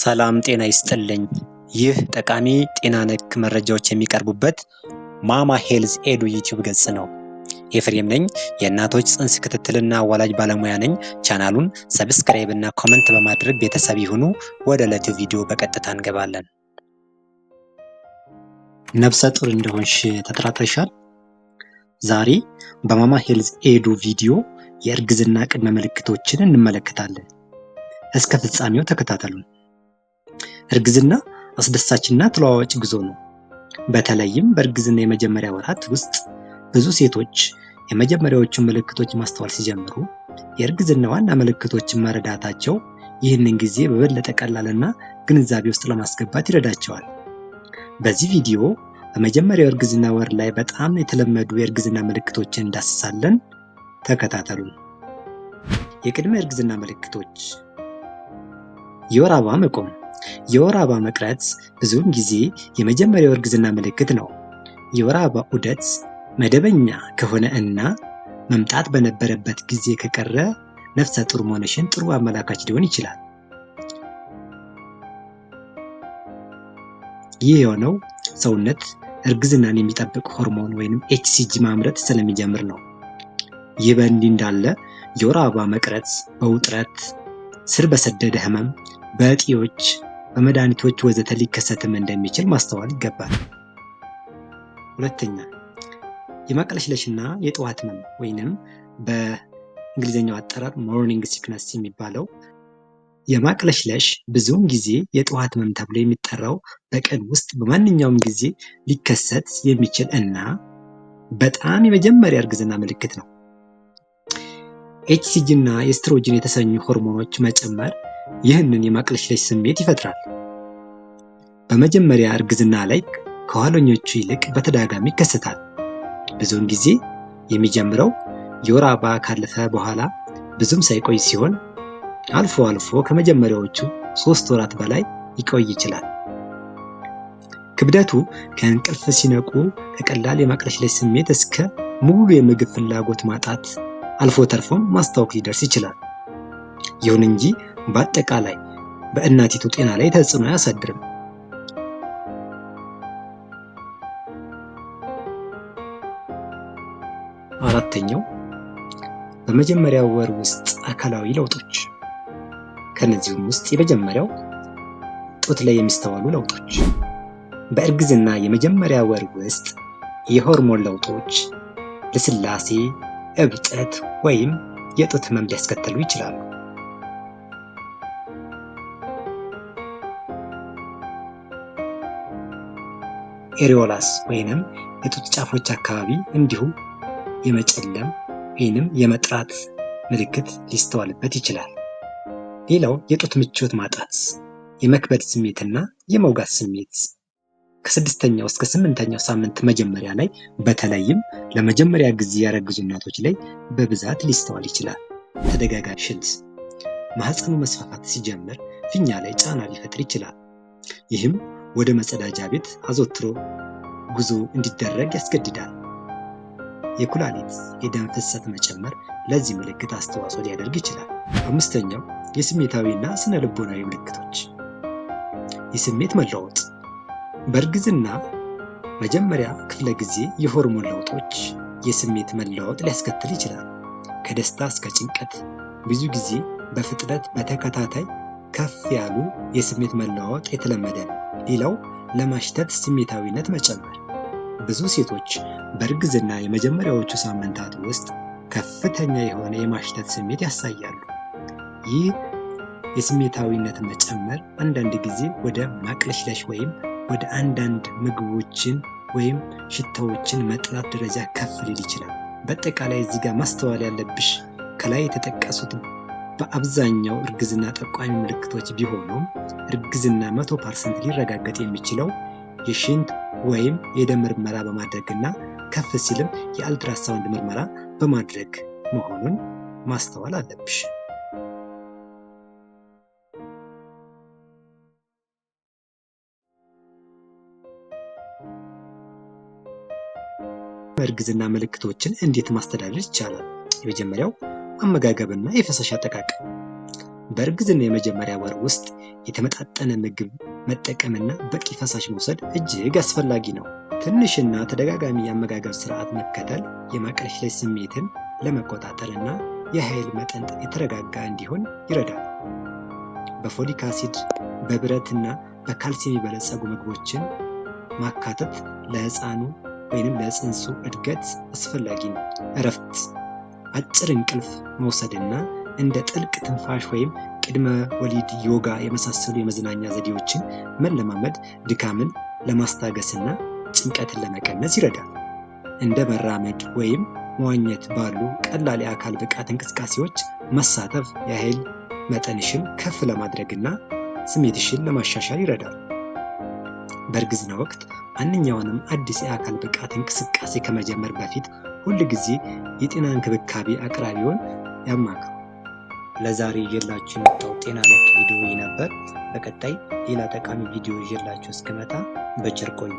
ሰላም ጤና ይስጥልኝ። ይህ ጠቃሚ ጤና ነክ መረጃዎች የሚቀርቡበት ማማ ሄልዝ ኤዱ ዩቲዩብ ገጽ ነው። ኤፍሬም ነኝ፣ የእናቶች ጽንስ ክትትልና አዋላጅ ባለሙያ ነኝ። ቻናሉን ሰብስክራይብ እና ኮመንት በማድረግ ቤተሰብ ይሁኑ። ወደ ዕለቱ ቪዲዮ በቀጥታ እንገባለን። ነፍሰ ጡር እንደሆንሽ ተጠራጥረሻል? ዛሬ በማማ ሄልዝ ኤዱ ቪዲዮ የእርግዝና ቅድመ ምልክቶችን እንመለከታለን። እስከ ፍጻሜው ተከታተሉን። እርግዝና አስደሳችና ተለዋዋጭ ጉዞ ነው። በተለይም በእርግዝና የመጀመሪያ ወራት ውስጥ ብዙ ሴቶች የመጀመሪያዎቹን ምልክቶች ማስተዋል ሲጀምሩ የእርግዝና ዋና ምልክቶችን መረዳታቸው ይህንን ጊዜ በበለጠ ቀላልና ግንዛቤ ውስጥ ለማስገባት ይረዳቸዋል። በዚህ ቪዲዮ በመጀመሪያው የእርግዝና ወር ላይ በጣም የተለመዱ የእርግዝና ምልክቶችን እንዳስሳለን። ተከታተሉን። የቅድመ እርግዝና ምልክቶች የወር አበባ መቆም የወር አበባ መቅረት ብዙውን ጊዜ የመጀመሪያው እርግዝና ምልክት ነው። የወር አበባ ዑደት መደበኛ ከሆነ እና መምጣት በነበረበት ጊዜ ከቀረ ነፍሰ ጡር መሆንሽን ጥሩ አመላካች ሊሆን ይችላል። ይህ የሆነው ሰውነት እርግዝናን የሚጠብቅ ሆርሞን ወይም ኤችሲጂ ማምረት ስለሚጀምር ነው። ይህ በእንዲህ እንዳለ የወር አበባ መቅረት በውጥረት፣ ስር በሰደደ ህመም፣ በእጢዎች በመድኃኒቶች ወዘተ ሊከሰትም እንደሚችል ማስተዋል ይገባል። ሁለተኛ የማቅለሽለሽና የጠዋት ህመም ወይንም በእንግሊዝኛው አጠራር ሞርኒንግ ሲክነስ የሚባለው የማቅለሽለሽ ብዙውን ጊዜ የጠዋት ህመም ተብሎ የሚጠራው በቀን ውስጥ በማንኛውም ጊዜ ሊከሰት የሚችል እና በጣም የመጀመሪያ እርግዝና ምልክት ነው። ኤችሲጂ እና ኤስትሮጅን የተሰኙ ሆርሞኖች መጨመር ይህንን የማቅለሽለሽ ስሜት ይፈጥራል። በመጀመሪያ እርግዝና ላይ ከኋለኞቹ ይልቅ በተደጋጋሚ ይከሰታል። ብዙውን ጊዜ የሚጀምረው የወር አበባ ካለፈ በኋላ ብዙም ሳይቆይ ሲሆን አልፎ አልፎ ከመጀመሪያዎቹ ሶስት ወራት በላይ ሊቆይ ይችላል። ክብደቱ ከእንቅልፍ ሲነቁ ከቀላል የማቅለሽለሽ ስሜት እስከ ሙሉ የምግብ ፍላጎት ማጣት አልፎ ተርፎም ማስታወክ ሊደርስ ይችላል። ይሁን እንጂ በአጠቃላይ በእናቲቱ ጤና ላይ ተጽዕኖ አያሳድርም። አራተኛው በመጀመሪያው ወር ውስጥ አካላዊ ለውጦች። ከነዚህም ውስጥ የመጀመሪያው ጡት ላይ የሚስተዋሉ ለውጦች። በእርግዝና የመጀመሪያ ወር ውስጥ የሆርሞን ለውጦች ልስላሴ፣ እብጠት ወይም የጡት ህመም ሊያስከትሉ ይችላሉ። ኤሪዮላስ ወይንም የጡት ጫፎች አካባቢ እንዲሁም የመጨለም ወይንም የመጥራት ምልክት ሊስተዋልበት ይችላል። ሌላው የጡት ምቾት ማጣት፣ የመክበድ ስሜትና የመውጋት ስሜት ከስድስተኛው እስከ ስምንተኛው ሳምንት መጀመሪያ ላይ በተለይም ለመጀመሪያ ጊዜ ያረግዙ እናቶች ላይ በብዛት ሊስተዋል ይችላል። ተደጋጋሚ ሽንት፣ ማህፀኑ መስፋፋት ሲጀምር ፊኛ ላይ ጫና ሊፈጥር ይችላል። ይህም ወደ መጸዳጃ ቤት አዘወትሮ ጉዞ እንዲደረግ ያስገድዳል። የኩላሊት የደም ፍሰት መጨመር ለዚህ ምልክት አስተዋጽኦ ሊያደርግ ይችላል። አምስተኛው የስሜታዊና ስነ ልቦናዊ ምልክቶች የስሜት መለዋወጥ በእርግዝና መጀመሪያ ክፍለ ጊዜ የሆርሞን ለውጦች የስሜት መለዋወጥ ሊያስከትል ይችላል። ከደስታ እስከ ጭንቀት ብዙ ጊዜ በፍጥነት በተከታታይ ከፍ ያሉ የስሜት መለዋወጥ የተለመደ ነው። ሌላው ለማሽተት ስሜታዊነት መጨመር። ብዙ ሴቶች በእርግዝና የመጀመሪያዎቹ ሳምንታት ውስጥ ከፍተኛ የሆነ የማሽተት ስሜት ያሳያሉ። ይህ የስሜታዊነት መጨመር አንዳንድ ጊዜ ወደ ማቅለሽለሽ ወይም ወደ አንዳንድ ምግቦችን ወይም ሽታዎችን መጥላት ደረጃ ከፍ ሊል ይችላል። በአጠቃላይ እዚህ ጋር ማስተዋል ያለብሽ ከላይ የተጠቀሱት በአብዛኛው እርግዝና ጠቋሚ ምልክቶች ቢሆኑም እርግዝና ፐርሰንት ሊረጋገጥ የሚችለው የሽንት ወይም የደም ምርመራ በማድረግና ከፍ ሲልም የአልትራሳውንድ ምርመራ በማድረግ መሆኑን ማስተዋል አለብሽ። እርግዝና ምልክቶችን እንዴት ማስተዳደር ይቻላል? የመጀመሪያው አመጋገብና የፈሳሽ አጠቃቀም በእርግዝና የመጀመሪያ ወር ውስጥ የተመጣጠነ ምግብ መጠቀምና በቂ ፈሳሽ መውሰድ እጅግ አስፈላጊ ነው። ትንሽና ተደጋጋሚ የአመጋገብ ስርዓት መከተል የማቅለሽለሽ ስሜትን ለመቆጣጠርና የኃይል መጠን የተረጋጋ እንዲሆን ይረዳል። በፎሊክ አሲድ በብረትና በካልሲየም የበለጸጉ ምግቦችን ማካተት ለህፃኑ ወይንም ለፅንሱ እድገት አስፈላጊ ነው። እረፍት አጭር እንቅልፍ መውሰድና እንደ ጥልቅ ትንፋሽ ወይም ቅድመ ወሊድ ዮጋ የመሳሰሉ የመዝናኛ ዘዴዎችን መለማመድ ድካምን ለማስታገስና ጭንቀትን ለመቀነስ ይረዳል። እንደ መራመድ ወይም መዋኘት ባሉ ቀላል የአካል ብቃት እንቅስቃሴዎች መሳተፍ የኃይል መጠንሽን ከፍ ለማድረግና ስሜትሽን ለማሻሻል ይረዳል። በእርግዝና ወቅት ማንኛውንም አዲስ የአካል ብቃት እንቅስቃሴ ከመጀመር በፊት ሁል ጊዜ የጤና እንክብካቤ አቅራቢውን ያማክሩ። ለዛሬ ይዤላችሁ የመጣው ጤና ነክ ቪዲዮ ነበር። በቀጣይ ሌላ ጠቃሚ ቪዲዮ ይዤላችሁ እስክመጣ በቸር ቆዩ።